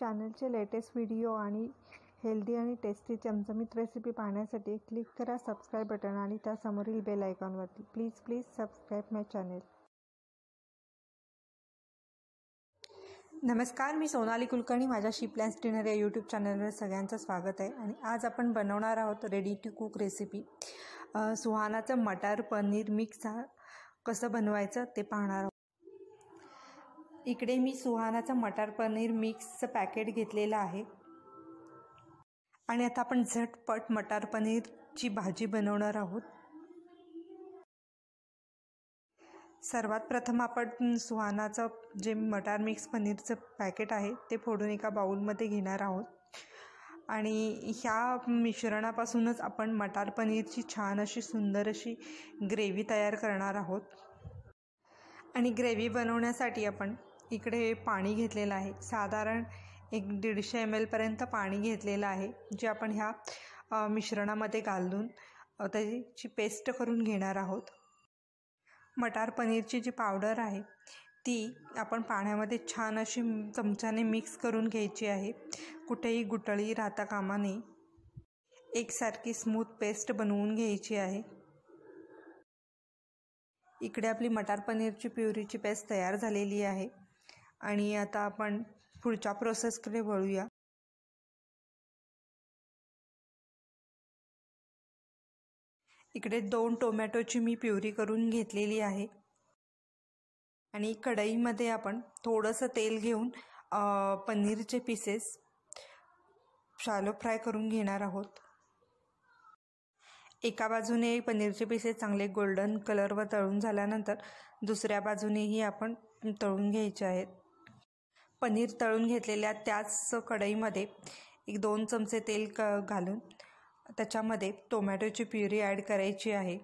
चॅनलचे latest video आणि healthy आणि tasty चमचमीत रेसिपी पाहण्यासाठी क्लिक करा सबस्क्राईब बटन आणि त्यासमोरील बेल आयकॉनवरती please please subscribe my channel नमस्कार मी सोनाली कुलकर्णी माझ्या शिपलॅन्स डिनर या यूट्यूब चॅनलवर सगळ्यांचं स्वागत आहे आणि आज आपण बनवणार आहोत रेडी टू कुक रेसिपी सुहानाचं मटार पनीर मिक्स कसं बनवायचं ते पाहणार आहोत इकडे मी सुहानाचा मटार पनीर मिक्सचं पॅकेट घेतलेलं आहे आणि आता आपण झटपट मटार पनीरची भाजी बनवणार आहोत सर्वात प्रथम आपण सुहानाचं जे मटार मिक्स पनीरचं पॅकेट आहे ते फोडून एका बाऊलमध्ये घेणार आहोत आणि ह्या मिश्रणापासूनच आपण मटार पनीरची छान अशी सुंदर अशी ग्रेव्ही तयार करणार आहोत आणि ग्रेव्ही बनवण्यासाठी आपण इकडे पाणी घेतलेलं आहे साधारण एक दीडशे एम एलपर्यंत पाणी घेतलेलं आहे जे आपण ह्या मिश्रणामध्ये घालून त्याची पेस्ट करून घेणार आहोत मटार पनीरची जी पावडर आहे ती आपण पाण्यामध्ये छान अशी चमचाने मिक्स करून घ्यायची आहे कुठेही गुटळी राहता कामा नये एकसारखी स्मूथ पेस्ट बनवून घ्यायची आहे इकडे आपली मटार पनीरची प्युरीची पेस्ट तयार झालेली आहे आणि आता आपण पुढच्या प्रोसेसकडे वळूया इकडे दोन टोमॅटोची मी प्युरी करून घेतलेली आहे आणि कढईमध्ये आपण थोडंसं तेल घेऊन पनीरचे पीसेस शालो फ्राय करून घेणार आहोत एका बाजूने पनीरचे पीसेस चांगले गोल्डन कलरवर तळून झाल्यानंतर दुसऱ्या बाजूनेही आपण तळून घ्यायचे आहेत पनीर तळून घेतलेल्या त्याच कढईमध्ये एक दोन चमचे तेल क घालून त्याच्यामध्ये टोमॅटोची प्युरी ॲड करायची आहे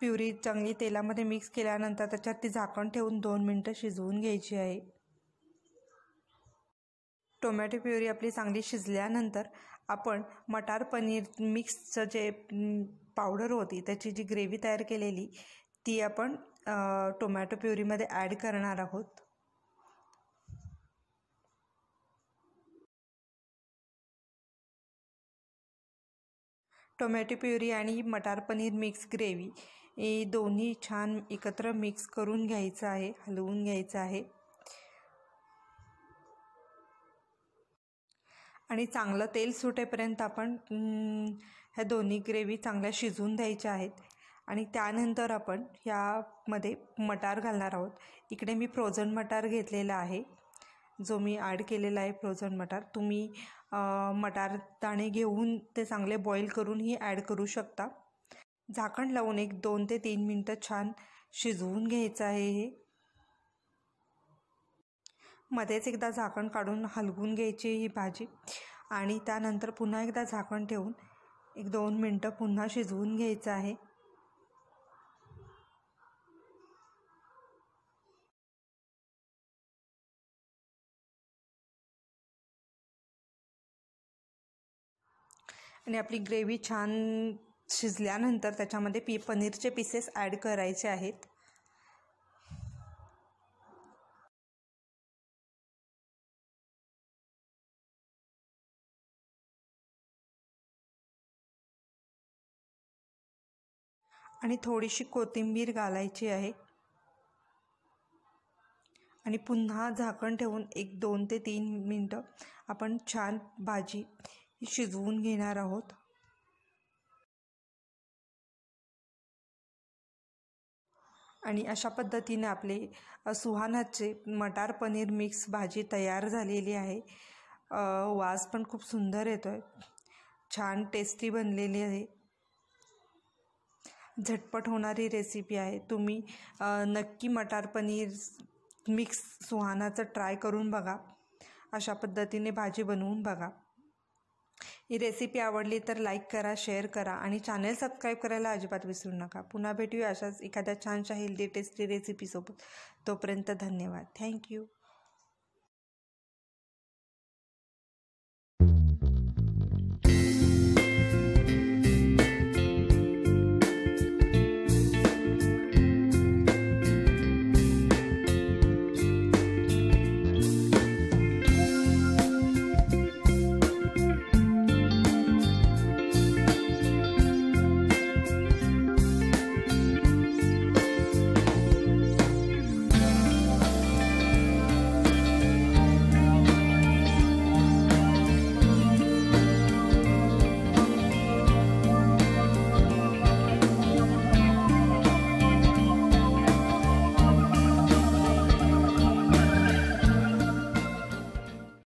प्युरी चांगली तेलामध्ये मिक्स केल्यानंतर त्याच्यात ती झाकण ठेवून दोन मिनटं शिजवून घ्यायची आहे टोमॅटो प्युरी आपली चांगली शिजल्यानंतर आपण मटार पनीर मिक्सचं जे पावडर होती त्याची जी ग्रेव्ही तयार केलेली ती आपण टोमॅटो प्युरीमध्ये ॲड करणार आहोत टोमॅटो प्युरी आणि मटार पनीर मिक्स ग्रेव्ही दोन्ही छान एकत्र मिक्स करून घ्यायचं आहे हलवून घ्यायचं आहे आणि चांगलं तेल सुटेपर्यंत आपण ह्या दोन्ही ग्रेव्ही चांगल्या शिजवून द्यायच्या आहेत आणि त्यानंतर आपण ह्यामध्ये मटार घालणार आहोत इकडे मी फ्रोझन मटार घेतलेला आहे जो मी ॲड केलेला आहे फ्रोझन मटार तुम्ही मटार दाणे घेऊन ते चांगले बॉईल करूनही ॲड करू शकता झाकण लावून एक दोन ते तीन मिनटं छान शिजवून घ्यायचं आहे हे मध्येच एकदा झाकण काढून हलवून घ्यायची ही भाजी आणि त्यानंतर पुन्हा एकदा झाकण ठेवून एक दोन मिनटं पुन्हा शिजवून घ्यायचं आहे आणि आपली ग्रेव्ही छान शिजल्यानंतर त्याच्यामध्ये पी पनीरचे पीसेस ॲड करायचे आहेत आणि थोडीशी कोथिंबीर घालायची आहे आणि पुन्हा झाकण ठेवून एक दोन ते तीन मिनटं आपण छान भाजी शिजवून घेणार आहोत आणि अशा पद्धतीने आपले सुहानाचे मटार पनीर मिक्स भाजी तयार झालेली आहे वास पण खूप सुंदर येतो आहे छान टेस्टी बनलेली आहे झटपट होणारी रेसिपी आहे तुम्ही नक्की मटार पनीर मिक्स सुहानाचं ट्राय करून बघा अशा पद्धतीने भाजी बनवून बघा ही रेसिपी आवडली तर लाईक करा शेअर करा आणि चॅनल सबस्क्राईब करायला अजिबात विसरू नका पुन्हा भेटूया अशाच एखाद्या छानशा हेल्दी टेस्टी रेसिपीसोबत तोपर्यंत धन्यवाद थँक्यू